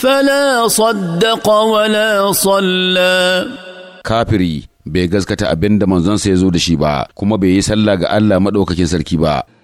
فلا صدق ولا صلى كافري bai gaskata abin da manzon ya zo da shi ba kuma bai yi sallah ga Allah madaukakin sarki ba